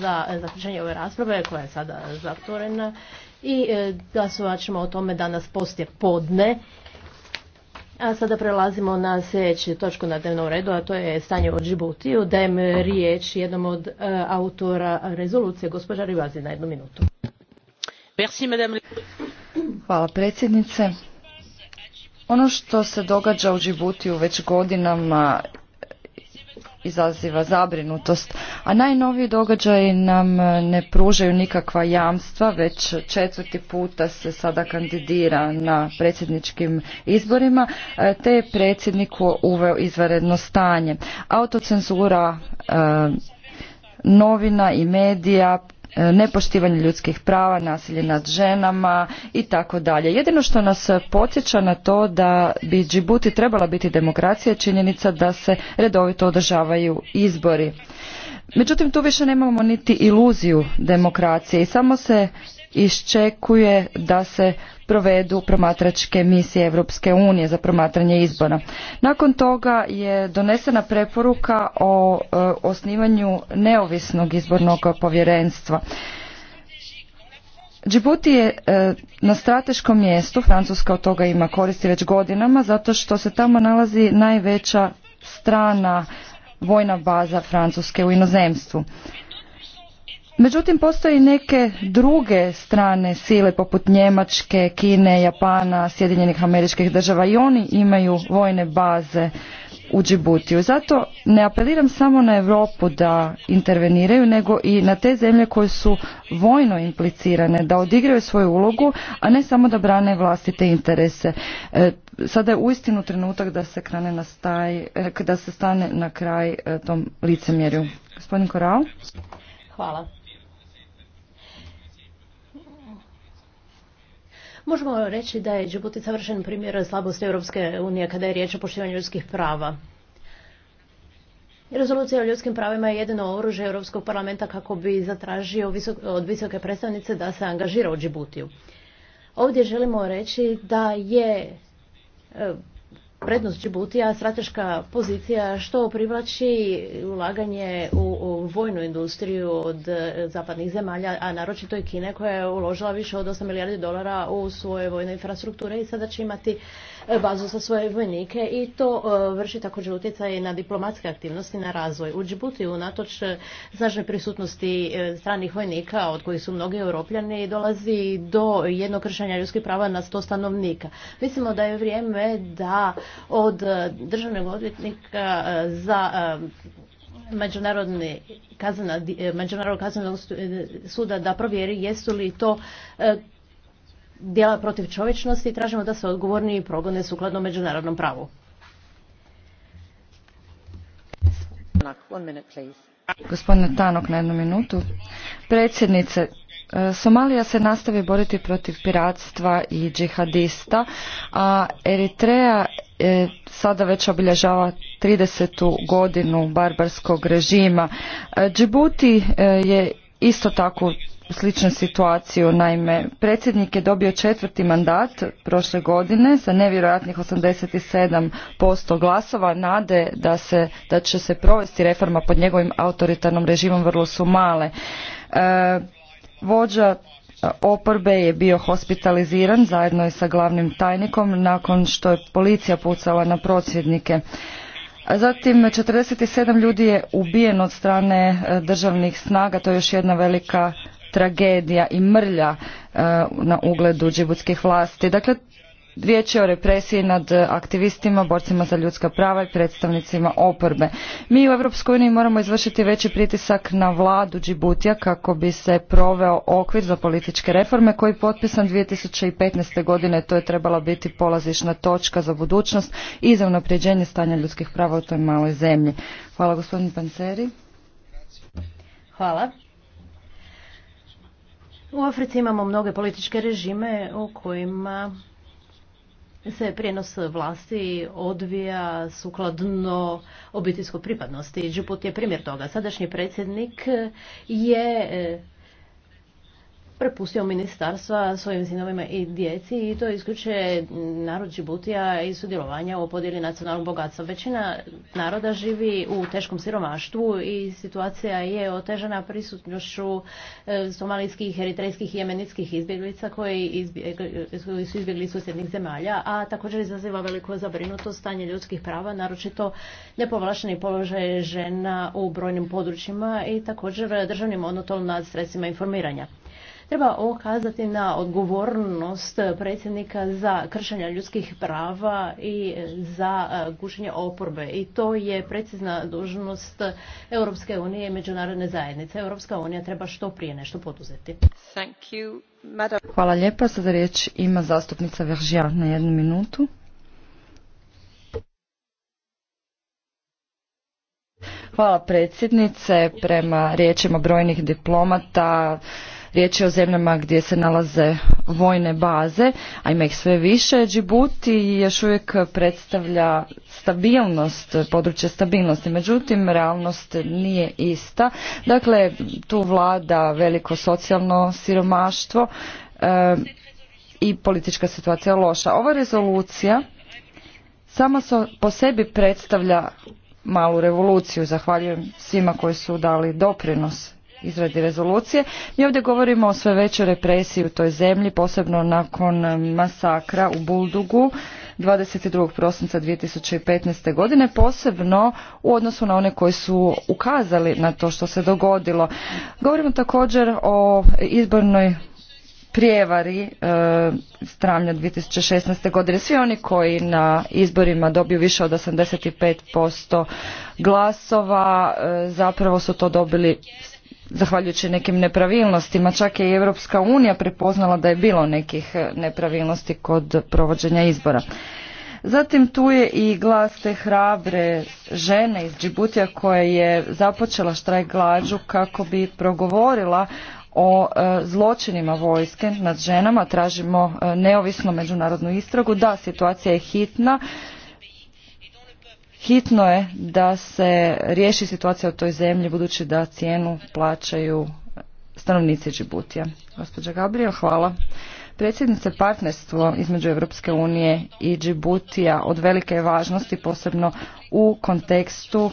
za zaključenje ove rasprave koja je sada zatvorena i e, glasovat ćemo o tome danas poslije podne. A sada prelazimo na sljedeću točku na dnevnom redu, a to je stanje o Džibutiju. Dajem riječ jednom od e, autora rezolucije, gospođa Rivazi, na jednu minutu. Hvala predsjednice. Ono što se događa u Džibutiju već godinama izaziva zabrinutost, a najnoviji događaji nam e, ne pružaju nikakva jamstva, već četvrti puta se sada kandidira na predsjedničkim izborima, e, te je predsjednik uveo izvanredno stanje. Autocenzura e, novina i medija E, nepoštivanje ljudskih prava, nasilje nad ženama i tako dalje. Jedino što nas podsjeća na to da bi Džibuti trebala biti demokracija je činjenica da se redovito održavaju izbori. Međutim, tu više nemamo niti iluziju demokracije i samo se iščekuje da se provedu promatračke misije Europske unije za promatranje izbora. Nakon toga je donesena preporuka o e, osnivanju neovisnog izbornog povjerenstva. Džibuti je e, na strateškom mjestu, Francuska od toga ima koristi već godinama, zato što se tamo nalazi najveća strana vojna baza Francuske u inozemstvu. Međutim, postoje neke druge strane sile poput Njemačke, Kine, Japana, Sjedinjenih američkih država i oni imaju vojne baze u Džibutiju. Zato ne apeliram samo na Europu da interveniraju, nego i na te zemlje koje su vojno implicirane, da odigraju svoju ulogu, a ne samo da brane vlastite interese. E, sada je uistinu trenutak da se, krane na staj, e, da se stane na kraj e, tom licemjerju. Gospodin Korao. Hvala. Možemo reći da je Džibuti savršen primjer slabosti Europske unije kada je riječ o poštivanju ljudskih prava. Rezolucija o ljudskim pravima je jedino oružje Europskog parlamenta kako bi zatražio od visoke predstavnice da se angažira u Džibutiju. Ovdje želimo reći da je e, prednost Džibutija strateška pozicija što privlači ulaganje u, u vojnu industriju od e, zapadnih zemalja, a naročito i Kine koja je uložila više od 8 milijardi dolara u svoje vojne infrastrukture i sada će imati bazu za svoje vojnike i to e, vrši također utjecaj na diplomatske aktivnosti na razvoj. U Džibuti unatoč e, snažnoj prisutnosti e, stranih vojnika od kojih su mnogi europljani dolazi do jednog kršenja ljudskih prava na sto stanovnika. Mislimo da je vrijeme da od državnog odvjetnika za međunarodne kazne međunarodnog kaznenog suda da provjeri jesu li to djela protiv čovječnosti i tražimo da se odgovorni i progone sukladno međunarodnom pravu. Gospodine Tanok, na jednu minutu. Predsjednice, e, Somalija se nastavi boriti protiv piratstva i džihadista, a Eritreja e, sada već obilježava 30. godinu barbarskog režima. E, Džibuti je isto tako sličnu situaciju. Naime, predsjednik je dobio četvrti mandat prošle godine sa nevjerojatnih 87% glasova. Nade da, se, da će se provesti reforma pod njegovim autoritarnom režimom vrlo su male. E, vođa oporbe je bio hospitaliziran zajedno je sa glavnim tajnikom nakon što je policija pucala na prosvjednike. Zatim 47 ljudi je ubijen od strane e, državnih snaga, to je još jedna velika tragedija i mrlja e, na ugledu džibutskih vlasti. Dakle, Riječ je o represiji nad aktivistima, borcima za ljudska prava i predstavnicima oporbe. Mi u EU uniji moramo izvršiti veći pritisak na vladu Džibutija kako bi se proveo okvir za političke reforme koji je potpisan 2015. godine. To je trebala biti polazišna točka za budućnost i za unapređenje stanja ljudskih prava u toj maloj zemlji. Hvala gospodin Panceri. Hvala. U Africi imamo mnoge političke režime u kojima se prijenos vlasti odvija sukladno obiteljskoj pripadnosti. Džiput je primjer toga. Sadašnji predsjednik je prepustio ministarstva svojim sinovima i djeci i to isključuje narod Džibutija i sudjelovanja u podjeli nacionalnog bogatstva. Većina naroda živi u teškom siromaštvu i situacija je otežana prisutnošću e, somalijskih, eritrejskih i jemenitskih izbjeglica koji, su izbjegli susjednih zemalja, a također izaziva veliko zabrinuto stanje ljudskih prava, naročito nepovlašteni položaj žena u brojnim područjima i također državni monotol nad sredstvima informiranja treba okazati na odgovornost predsjednika za kršenje ljudskih prava i za e, gušenje oporbe. I to je precizna dužnost Europske unije i međunarodne zajednice. Europska unija treba što prije nešto poduzeti. Thank you, Hvala lijepa. Sada riječ ima zastupnica Veržija na jednu minutu. Hvala predsjednice. Prema riječima brojnih diplomata, Riječ je o zemljama gdje se nalaze vojne baze, a ima ih sve više. Djibuti još uvijek predstavlja stabilnost, područje stabilnosti. Međutim, realnost nije ista. Dakle, tu vlada veliko socijalno siromaštvo eh, i politička situacija loša. Ova rezolucija sama po sebi predstavlja malu revoluciju. Zahvaljujem svima koji su dali doprinos izradi rezolucije. Mi ovdje govorimo o sve većoj represiji u toj zemlji, posebno nakon eh, masakra u Buldugu 22. prosinca 2015. godine, posebno u odnosu na one koji su ukazali na to što se dogodilo. Govorimo također o izbornoj prijevari eh, e, 2016. godine. Svi oni koji na izborima dobiju više od 85% glasova eh, zapravo su to dobili zahvaljujući nekim nepravilnostima. Čak je i Europska unija prepoznala da je bilo nekih e, nepravilnosti kod provođenja izbora. Zatim tu je i glas te hrabre žene iz Džibutija koja je započela štrajk glađu kako bi progovorila o e, zločinima vojske nad ženama. Tražimo e, neovisnu međunarodnu istragu. Da, situacija je hitna. Hitno je da se riješi situacija u toj zemlji budući da cijenu plaćaju stanovnici Džibutija. Gospođa Gabriel, hvala. Predsjednice partnerstvo između Europske unije i Džibutija od velike važnosti, posebno u kontekstu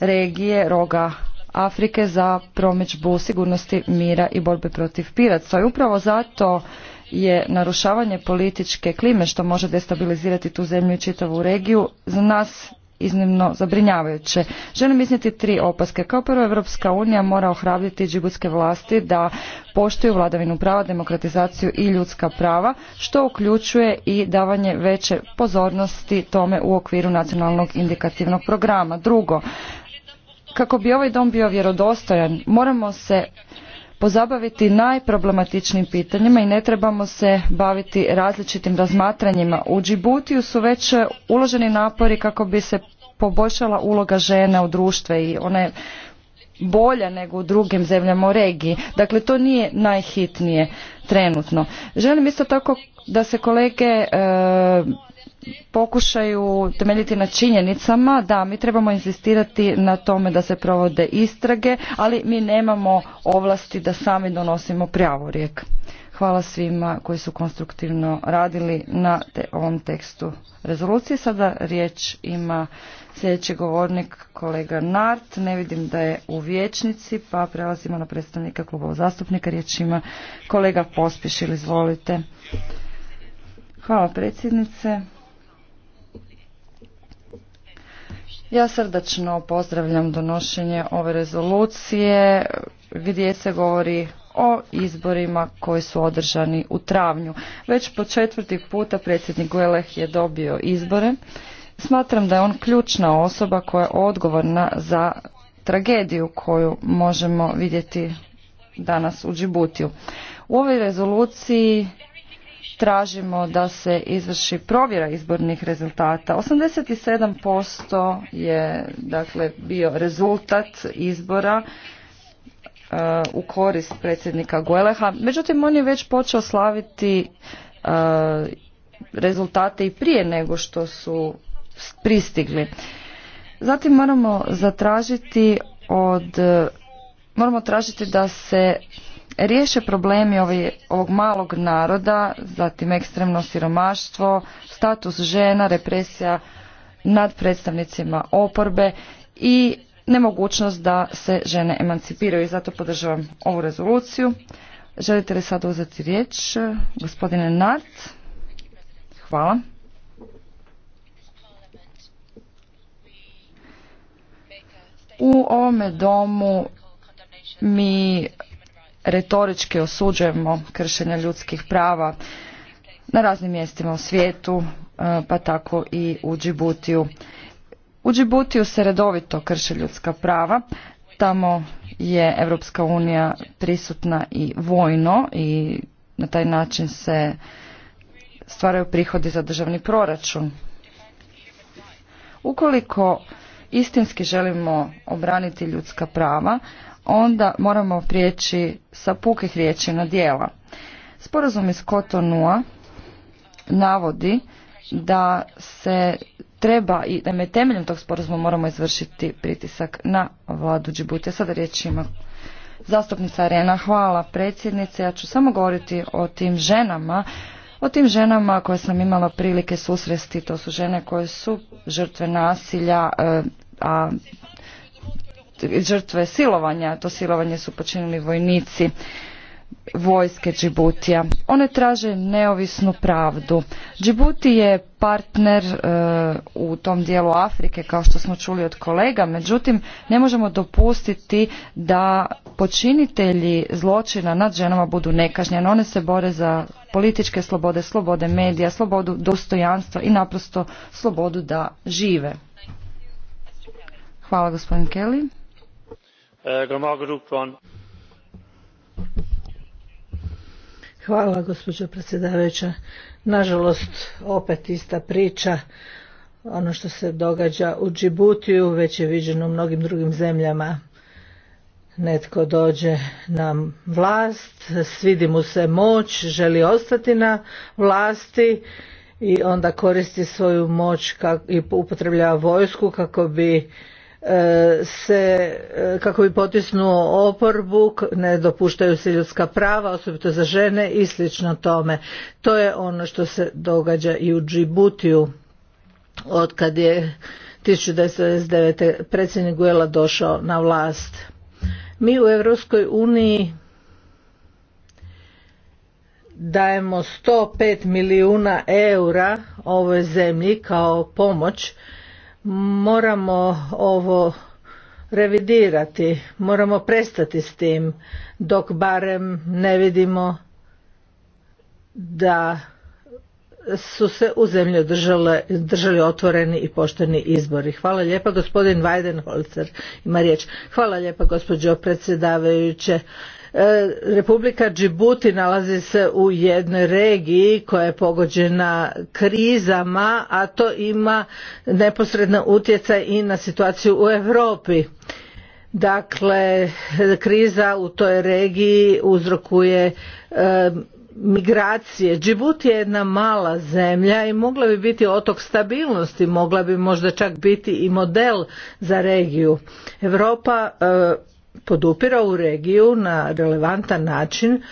regije roga Afrike za promičbu sigurnosti mira i borbe protiv piratstva. I upravo zato je narušavanje političke klime što može destabilizirati tu zemlju i čitavu regiju za nas iznimno zabrinjavajuće. Želim iznijeti tri opaske. Kao prvo, Evropska unija mora ohrabriti džibutske vlasti da poštuju vladavinu prava, demokratizaciju i ljudska prava, što uključuje i davanje veće pozornosti tome u okviru nacionalnog indikativnog programa. Drugo, kako bi ovaj dom bio vjerodostojan, moramo se pozabaviti najproblematičnijim pitanjima i ne trebamo se baviti različitim razmatranjima. U Djibutiju su već uloženi napori kako bi se poboljšala uloga žena u društve i one je bolja nego u drugim zemljama u regiji. Dakle, to nije najhitnije trenutno. Želim isto tako da se kolege e, pokušaju temeljiti na činjenicama da mi trebamo inzistirati na tome da se provode istrage, ali mi nemamo ovlasti da sami donosimo pravorijek. Hvala svima koji su konstruktivno radili na ovom tekstu rezolucije. Sada riječ ima sljedeći govornik kolega Nart. Ne vidim da je u vijećnici pa prelazimo na predstavnika klubova zastupnika. Riječ ima kolega ili izvolite. Hvala predsjednice. Ja srdačno pozdravljam donošenje ove rezolucije gdje se govori o izborima koji su održani u travnju. Već po četvrti puta predsjednik Gueleh je dobio izbore. Smatram da je on ključna osoba koja je odgovorna za tragediju koju možemo vidjeti danas u Džibutiju. U ovoj rezoluciji tražimo da se izvrši provjera izbornih rezultata. 87% je dakle bio rezultat izbora e, u korist predsjednika Gueleha. Međutim, on je već počeo slaviti e, rezultate i prije nego što su pristigli. Zatim moramo zatražiti od moramo tražiti da se riješe problemi ovog malog naroda, zatim ekstremno siromaštvo, status žena, represija nad predstavnicima oporbe i nemogućnost da se žene emancipiraju i zato podržavam ovu rezoluciju. Želite li sad uzeti riječ, gospodine Nart? Hvala. U ovome domu mi retorički osuđujemo kršenja ljudskih prava na raznim mjestima u svijetu, e, pa tako i u Džibutiju. U Džibutiju se redovito krše ljudska prava, tamo je Europska unija prisutna i vojno i na taj način se stvaraju prihodi za državni proračun. Ukoliko istinski želimo obraniti ljudska prava, onda moramo prijeći sa pukih riječi na dijela. Sporazum iz Kotonua navodi da se treba i da me temeljem tog sporazuma moramo izvršiti pritisak na vladu Džibutija. Sada riječ ima zastupnica Arena. Hvala predsjednice. Ja ću samo govoriti o tim ženama o tim ženama koje sam imala prilike susresti, to su žene koje su žrtve nasilja, e, a žrtve silovanja, to silovanje su počinili vojnici vojske Džibutija. One traže neovisnu pravdu. Džibuti je partner e, u tom dijelu Afrike, kao što smo čuli od kolega, međutim ne možemo dopustiti da počinitelji zločina nad ženama budu nekažnjeni. One se bore za političke slobode, slobode medija, slobodu dostojanstva i naprosto slobodu da žive. Hvala gospodin Kelly. Hvala gospođo predsjedavajuća. Nažalost, opet ista priča. Ono što se događa u Džibutiju već je viđeno u mnogim drugim zemljama. Netko dođe na vlast, svidi mu se moć, želi ostati na vlasti i onda koristi svoju moć i upotrebljava vojsku kako bi E, se e, kako bi potisnuo oporbu ne dopuštaju se ljudska prava osobito za žene i slično tome to je ono što se događa i u Džibutiju od kad je 1999. predsjednik Guela došao na vlast mi u Europskoj uniji dajemo 105 milijuna eura ovoj zemlji kao pomoć moramo ovo revidirati, moramo prestati s tim dok barem ne vidimo da su se u zemlju držali otvoreni i pošteni izbori. Hvala lijepa gospodin Weidenholzer ima riječ. Hvala lijepa gospođo predsjedavajuće. E, Republika Džibuti nalazi se u jednoj regiji koja je pogođena krizama, a to ima neposredno utjecaj i na situaciju u Europi. Dakle, kriza u toj regiji uzrokuje e, migracije. Džibuti je jedna mala zemlja i mogla bi biti otok stabilnosti, mogla bi možda čak biti i model za regiju. Europa e, podupirao u regiju na relevantan način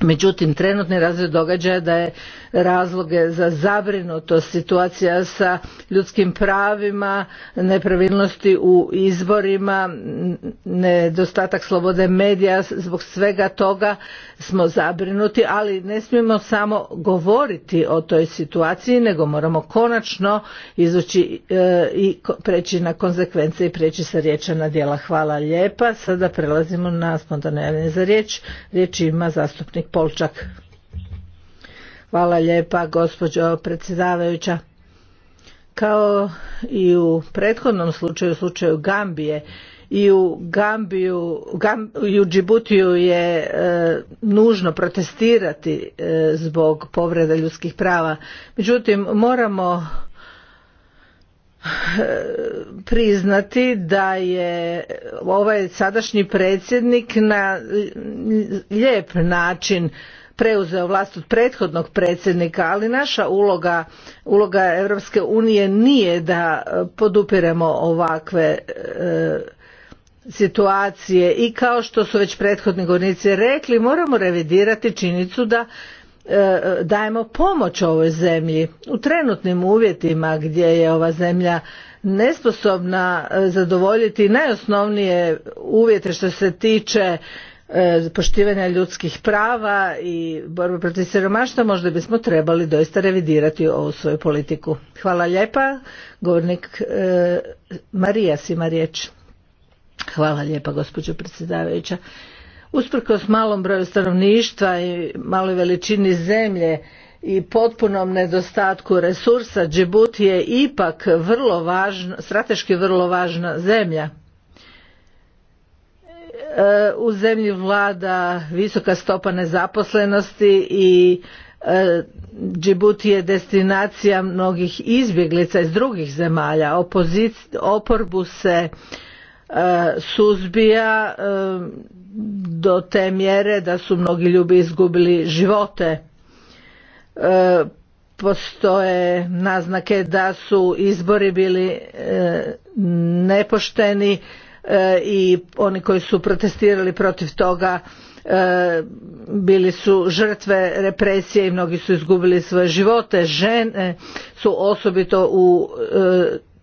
Međutim, trenutni razvoj događaja da je razloge za zabrinutost situacija sa ljudskim pravima, nepravilnosti u izborima, nedostatak slobode medija, zbog svega toga smo zabrinuti, ali ne smijemo samo govoriti o toj situaciji, nego moramo konačno izući e, i preći na konsekvence i preći sa riječa na djela. Hvala lijepa. Sada prelazimo na spontane za riječ. Riječ ima zastupnik Polčak. Hvala lijepa gospođo predsjedavajuća. Kao i u prethodnom slučaju, u slučaju Gambije, i u Gambiju, i u Džibutiju je e, nužno protestirati e, zbog povreda ljudskih prava. Međutim, moramo priznati da je ovaj sadašnji predsjednik na lijep način preuzeo vlast od prethodnog predsjednika, ali naša uloga, uloga Europske unije nije da podupiremo ovakve e, situacije i kao što su već prethodni govornici rekli moramo revidirati činjenicu da E, dajemo pomoć ovoj zemlji u trenutnim uvjetima gdje je ova zemlja nesposobna e, zadovoljiti najosnovnije uvjete što se tiče e, poštivanja ljudskih prava i borbe protiv siromaštva možda bismo trebali doista revidirati ovu svoju politiku. Hvala lijepa. Govornik Marija Sima riječ. Hvala lijepa gospođo predsjedavajuća usprkos malom broju stanovništva i maloj veličini zemlje i potpunom nedostatku resursa Djibouti je ipak vrlo važna, strateški vrlo važna zemlja. E, u zemlji vlada visoka stopa nezaposlenosti i e, Djibouti je destinacija mnogih izbjeglica iz drugih zemalja. oporbu se e, suzbija do te mjere da su mnogi ljubi izgubili živote. E, postoje naznake da su izbori bili e, nepošteni e, i oni koji su protestirali protiv toga bili su žrtve represije i mnogi su izgubili svoje živote žene su osobito u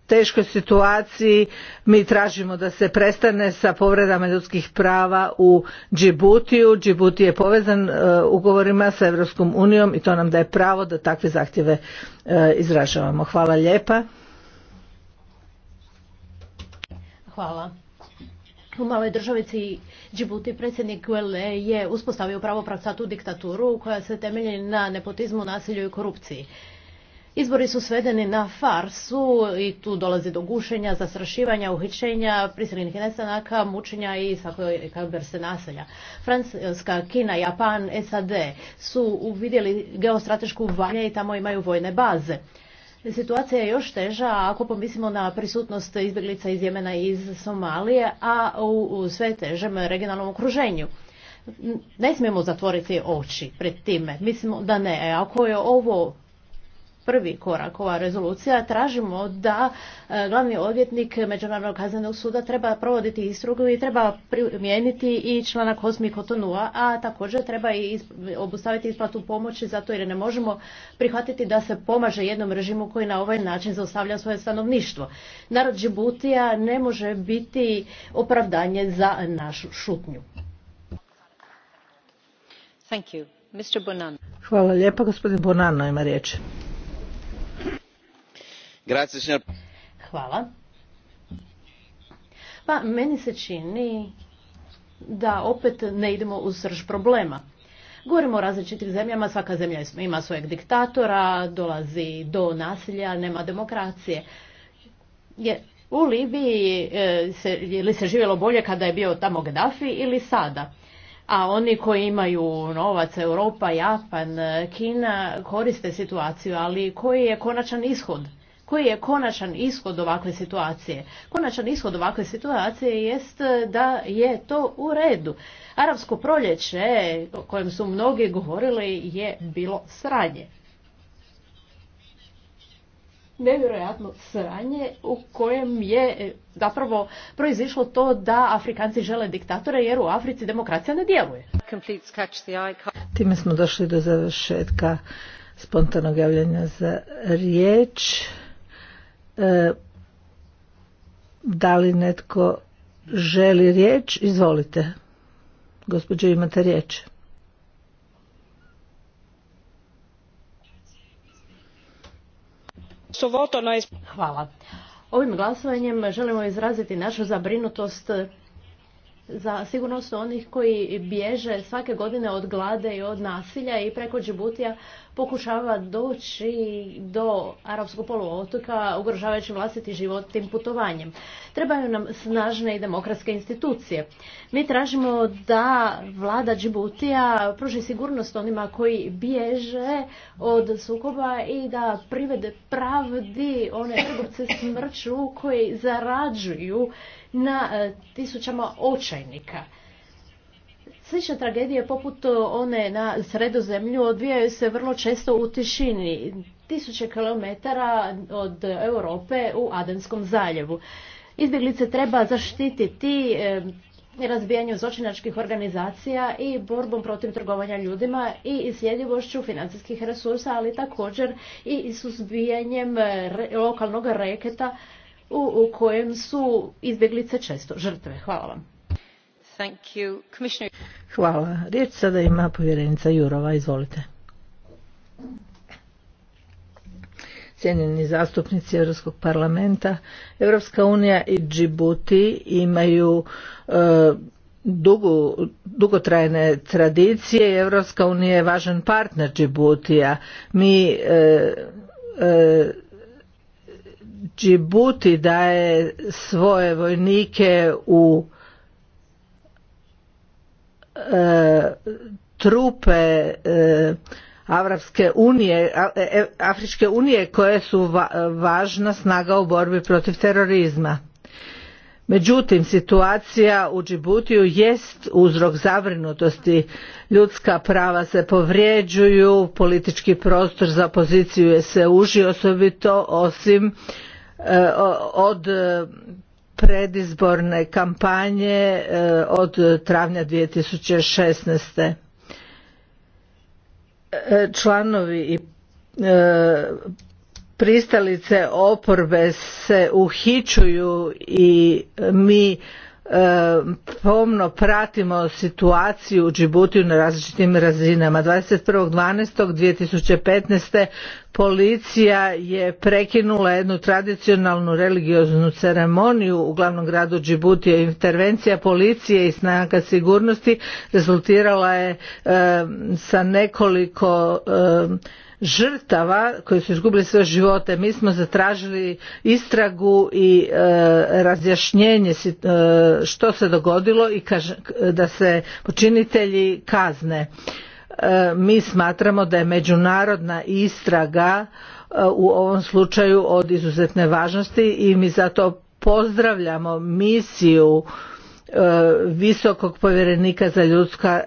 teškoj situaciji mi tražimo da se prestane sa povredama ljudskih prava u Džibutiju. Džibuti je povezan e, ugovorima sa Europskom unijom i to nam daje pravo da takve zahtjeve e, izražavamo. Hvala lijepa. Hvala. U maloj državici Džibuti predsjednik Guele je uspostavio pravo tu diktaturu koja se temelji na nepotizmu, nasilju i korupciji. Izbori su svedeni na farsu i tu dolazi do gušenja, zastrašivanja, uhićenja, prisilnih nestanaka, mučenja i kakver se naselja. Francuska, Kina, Japan, SAD su uvidjeli geostratešku valje i tamo imaju vojne baze. Situacija je još teža ako pomislimo na prisutnost izbjeglica iz Jemena i iz Somalije, a u, u sve težem regionalnom okruženju ne smijemo zatvoriti oči pred time. Mislimo da ne. E, ako je ovo prvi korak ova rezolucija, tražimo da e, glavni odvjetnik Međunarodnog kaznenog suda treba provoditi istrugu i treba primijeniti i članak 8. Kotonua, a također treba i obustaviti isplatu pomoći zato jer ne možemo prihvatiti da se pomaže jednom režimu koji na ovaj način zaustavlja svoje stanovništvo. Narod Džibutija ne može biti opravdanje za našu šutnju. Thank Hvala lijepa. Gospodin Bonanno ima riječ. Hvala. Pa meni se čini da opet ne idemo u srž problema. Govorimo o različitim zemljama, svaka zemlja ima svojeg diktatora, dolazi do nasilja, nema demokracije. u Libiji e, je li se živjelo bolje kada je bio tamo Gaddafi ili sada? A oni koji imaju novac, Europa, Japan, e, Kina, koriste situaciju, ali koji je konačan ishod? koji je konačan ishod ovakve situacije? Konačan ishod ovakve situacije jest da je to u redu. Arapsko proljeće, o kojem su mnogi govorili, je bilo sranje. Nevjerojatno sranje u kojem je e, zapravo proizišlo to da Afrikanci žele diktatore jer u Africi demokracija ne djeluje. Time smo došli do završetka spontanog javljanja za riječ. E, da li netko želi riječ? Izvolite. Gospođo, imate riječ. Hvala. Ovim glasovanjem želimo izraziti našu zabrinutost za sigurnost onih koji bježe svake godine od glade i od nasilja i preko Džibutija pokušava doći do arapskog poluotoka ugrožavajući vlastiti život tim putovanjem. Trebaju nam snažne i demokratske institucije. Mi tražimo da vlada Džibutija pruži sigurnost onima koji bježe od sukoba i da privede pravdi one trgovce smrću koji zarađuju na e, tisućama očajnika. Slične tragedije poput one na sredozemlju odvijaju se vrlo često u tišini, tisuće kilometara od Europe u Adenskom zaljevu. Izbjeglice treba zaštititi eh, razbijanju zločinačkih organizacija i borbom protiv trgovanja ljudima i sljedivošću financijskih resursa, ali također i suzbijanjem eh, lokalnog reketa u kojem su izbjeglice često žrtve. Hvala vam. Hvala. Riječ sada ima povjerenica Jurova. Izvolite. Cijenjeni zastupnici Europskog parlamenta, Europska unija i Džibuti imaju e, dugotrajne tradicije. Europska unija je važan partner Djibutija. Mi e, e daje svoje vojnike u E, trupe e, unije, e, Afričke unije koje su važna snaga u borbi protiv terorizma. Međutim, situacija u Džibutiju jest uzrok zabrinutosti. Ljudska prava se povrijeđuju, politički prostor za opoziciju je se uži, osobito osim od predizborne kampanje e, od travnja 2016. E, članovi i e, pristalice oporbe se uhićuju i mi E, pomno pratimo situaciju u Džibutiju na različitim razinama. 21.12.2015. policija je prekinula jednu tradicionalnu religioznu ceremoniju u glavnom gradu Džibutije. Intervencija policije i snaga sigurnosti rezultirala je e, sa nekoliko e, žrtava koji su izgubili svoje živote mi smo zatražili istragu i e, razjašnjenje e, što se dogodilo i da se počinitelji kazne e, mi smatramo da je međunarodna istraga u ovom slučaju od izuzetne važnosti i mi zato pozdravljamo misiju visokog povjerenika za ljudska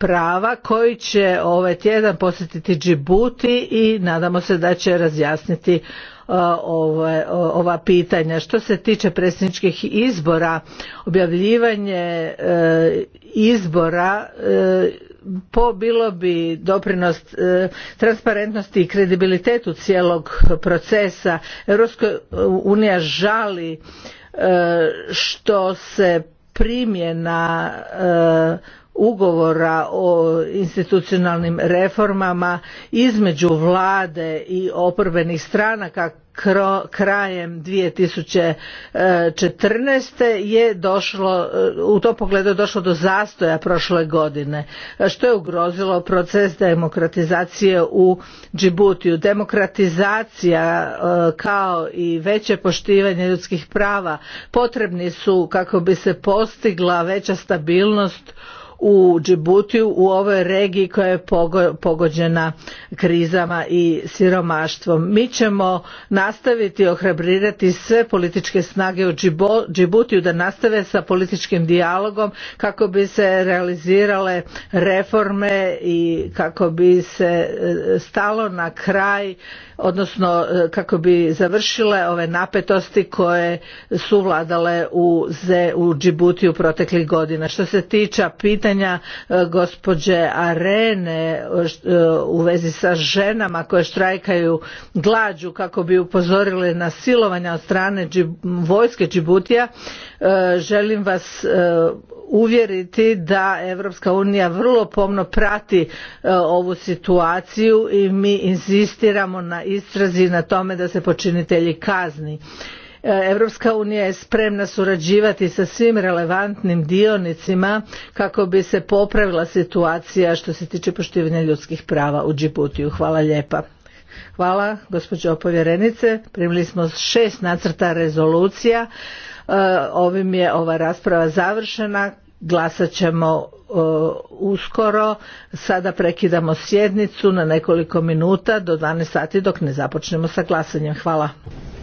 prava koji će ovaj tjedan posjetiti Džibuti i nadamo se da će razjasniti e, ova, ova pitanja. Što se tiče predsjedničkih izbora, objavljivanje e, izbora e, po bilo bi doprinos transparentnosti i kredibilitetu cijelog procesa. Europska unija žali što se primjena ugovora o institucionalnim reformama između vlade i oporbenih stranaka krajem 2014. je došlo, u tom pogledu došlo do zastoja prošle godine, što je ugrozilo proces demokratizacije u Džibutiju. Demokratizacija e, kao i veće poštivanje ljudskih prava potrebni su kako bi se postigla veća stabilnost u Džibutiju u ovoj regiji koja je pogođena krizama i siromaštvom. Mi ćemo nastaviti ohrabrirati sve političke snage u Džibutiju da nastave sa političkim dijalogom kako bi se realizirale reforme i kako bi se e, stalo na kraj odnosno e, kako bi završile ove napetosti koje su vladale u Džibutiju proteklih godina. Što se tiče pitanja pitanja e, gospođe Arene e, e, u vezi sa ženama koje štrajkaju glađu kako bi upozorile na silovanja od strane vojske Džibutija. Želim vas uvjeriti da Europska unija vrlo pomno prati ovu situaciju i mi inzistiramo na istrazi na tome da se počinitelji kazni Europska unija je spremna surađivati sa svim relevantnim dionicima kako bi se popravila situacija što se tiče poštivanja ljudskih prava u Džibutiju. Hvala lijepa. Hvala gospođo povjerenice. Primili smo šest nacrta rezolucija. E, ovim je ova rasprava završena. Glasat ćemo e, uskoro. Sada prekidamo sjednicu na nekoliko minuta do 12 sati dok ne započnemo sa glasanjem. Hvala.